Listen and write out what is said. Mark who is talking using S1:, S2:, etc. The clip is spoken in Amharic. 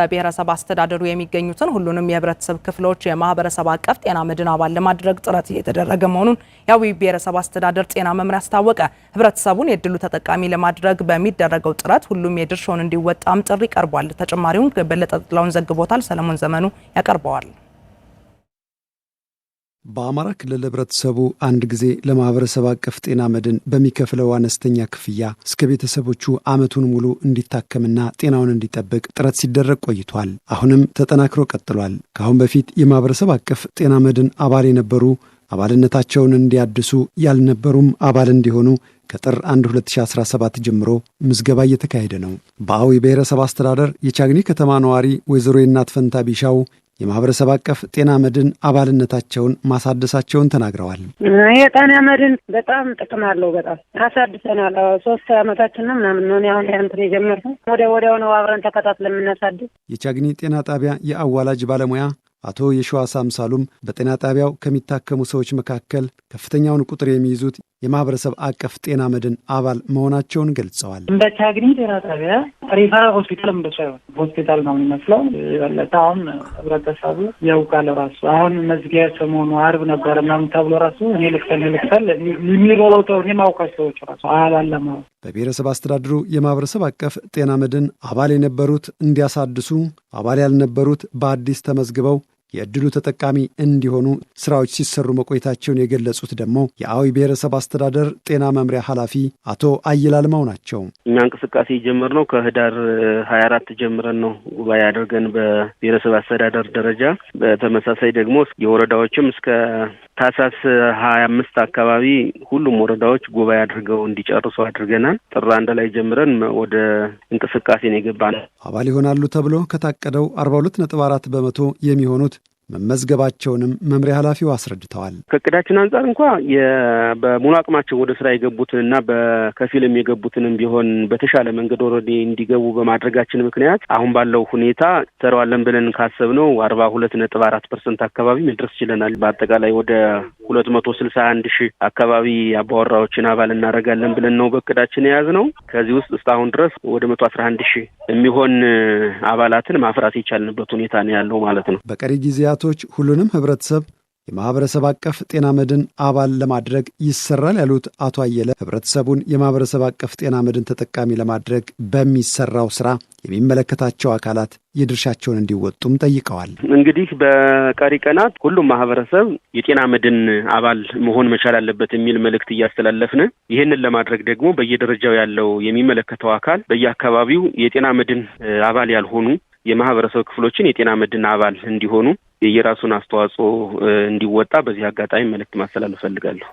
S1: በብሔረሰብ አስተዳደሩ የሚገኙትን ሁሉንም የህብረተሰብ ክፍሎች የማህበረሰብ አቀፍ ጤና መድን አባል ለማድረግ ጥረት እየተደረገ መሆኑን የአዊ ብሔረሰብ አስተዳደር ጤና መምሪያ አስታወቀ። ህብረተሰቡን የድሉ ተጠቃሚ ለማድረግ በሚደረገው ጥረት ሁሉም የድርሻውን እንዲወጣም ጥሪ ቀርቧል። ተጨማሪውን በለጠጥላውን ዘግቦታል። ሰለሞን ዘመኑ ያቀርበዋል።
S2: በአማራ ክልል ህብረተሰቡ አንድ ጊዜ ለማህበረሰብ አቀፍ ጤና መድን በሚከፍለው አነስተኛ ክፍያ እስከ ቤተሰቦቹ አመቱን ሙሉ እንዲታከምና ጤናውን እንዲጠብቅ ጥረት ሲደረግ ቆይቷል። አሁንም ተጠናክሮ ቀጥሏል። ከአሁን በፊት የማህበረሰብ አቀፍ ጤና መድን አባል የነበሩ አባልነታቸውን እንዲያድሱ ያልነበሩም አባል እንዲሆኑ ከጥር 1 2017 ጀምሮ ምዝገባ እየተካሄደ ነው። በአዊ ብሔረሰብ አስተዳደር የቻግኒ ከተማ ነዋሪ ወይዘሮ የእናት ፈንታ ቢሻው የማህበረሰብ አቀፍ ጤና መድን አባልነታቸውን ማሳደሳቸውን ተናግረዋል።
S3: የጤና መድን በጣም ጥቅም አለው። በጣም አሳድሰናል። ሶስት አመታችን ነው ምናምን ነው አሁን ያንትን የጀመርነው ወደ ወዲያው ነው አብረን ተከታትለን የምናሳድስ።
S2: የቻግኒ ጤና ጣቢያ የአዋላጅ ባለሙያ አቶ የሸዋ ሳምሳሉም በጤና ጣቢያው ከሚታከሙ ሰዎች መካከል ከፍተኛውን ቁጥር የሚይዙት የማህበረሰብ አቀፍ ጤና መድን አባል መሆናቸውን ገልጸዋል።
S3: እንደ ቻግኒ ጤና ጣቢያ ሪፈራል ሆስፒታል እንደሱ አይሆን ሆስፒታል ነው የሚመስለው። የበለጠ አሁን ህብረተሰቡ ያውቃል ራሱ አሁን መዝጊያ ሰሞኑ አርብ ነበረ ምናምን ተብሎ ራሱ እኔ ልክተል ልክተል የሚሮለውተው እኔ ማውቃሽ ሰዎች ራሱ አላለም።
S2: በብሔረሰብ አስተዳድሩ የማህበረሰብ አቀፍ ጤና መድን አባል የነበሩት እንዲያሳድሱ አባል ያልነበሩት በአዲስ ተመዝግበው የዕድሉ ተጠቃሚ እንዲሆኑ ስራዎች ሲሰሩ መቆየታቸውን የገለጹት ደግሞ የአዊ ብሔረሰብ አስተዳደር ጤና መምሪያ ኃላፊ አቶ አይላልመው ናቸው።
S4: እኛ እንቅስቃሴ የጀመርነው ከህዳር ሀያ አራት ጀምረን ነው ጉባኤ አድርገን በብሔረሰብ አስተዳደር ደረጃ በተመሳሳይ ደግሞ የወረዳዎችም እስከ ታህሳስ ሀያ አምስት አካባቢ ሁሉም ወረዳዎች ጉባኤ አድርገው እንዲጨርሱ አድርገናል። ጥር አንድ ላይ ጀምረን ወደ እንቅስቃሴ ነው
S2: አባል ይሆናሉ ተብሎ ከታቀደው አርባ ሁለት ነጥብ አራት በመቶ የሚሆኑት መመዝገባቸውንም መምሪያ ኃላፊው አስረድተዋል።
S4: ከእቅዳችን አንጻር እንኳ በሙሉ አቅማቸው ወደ ስራ የገቡትንና በከፊልም የገቡትንም ቢሆን በተሻለ መንገድ ኦልሬዲ እንዲገቡ በማድረጋችን ምክንያት አሁን ባለው ሁኔታ ሰረዋለን ብለን ካሰብነው አርባ ሁለት ነጥብ አራት ፐርሰንት አካባቢ መድረስ ችለናል። በአጠቃላይ ወደ ሁለት መቶ ስልሳ አንድ ሺህ አካባቢ አባወራዎችን አባል እናደርጋለን ብለን ነው በእቅዳችን የያዝነው። ከዚህ ውስጥ እስካሁን ድረስ ወደ መቶ አስራ አንድ ሺህ የሚሆን አባላትን ማፍራት የቻልንበት ሁኔታ ነው ያለው ማለት ነው።
S2: በቀሪ ጊዜያቶች ሁሉንም ህብረተሰብ የማህበረሰብ አቀፍ ጤና መድን አባል ለማድረግ ይሰራል ያሉት አቶ አየለ ህብረተሰቡን የማህበረሰብ አቀፍ ጤና መድን ተጠቃሚ ለማድረግ በሚሰራው ስራ የሚመለከታቸው አካላት የድርሻቸውን እንዲወጡም ጠይቀዋል።
S4: እንግዲህ በቀሪ ቀናት ሁሉም ማህበረሰብ የጤና መድን አባል መሆን መቻል አለበት የሚል መልእክት እያስተላለፍን፣ ይህንን ለማድረግ ደግሞ በየደረጃው ያለው የሚመለከተው አካል በየአካባቢው የጤና መድን አባል ያልሆኑ የማህበረሰብ ክፍሎችን የጤና መድን አባል እንዲሆኑ የየራሱን አስተዋጽኦ እንዲወጣ በዚህ አጋጣሚ መልእክት ማስተላለፍ እፈልጋለሁ።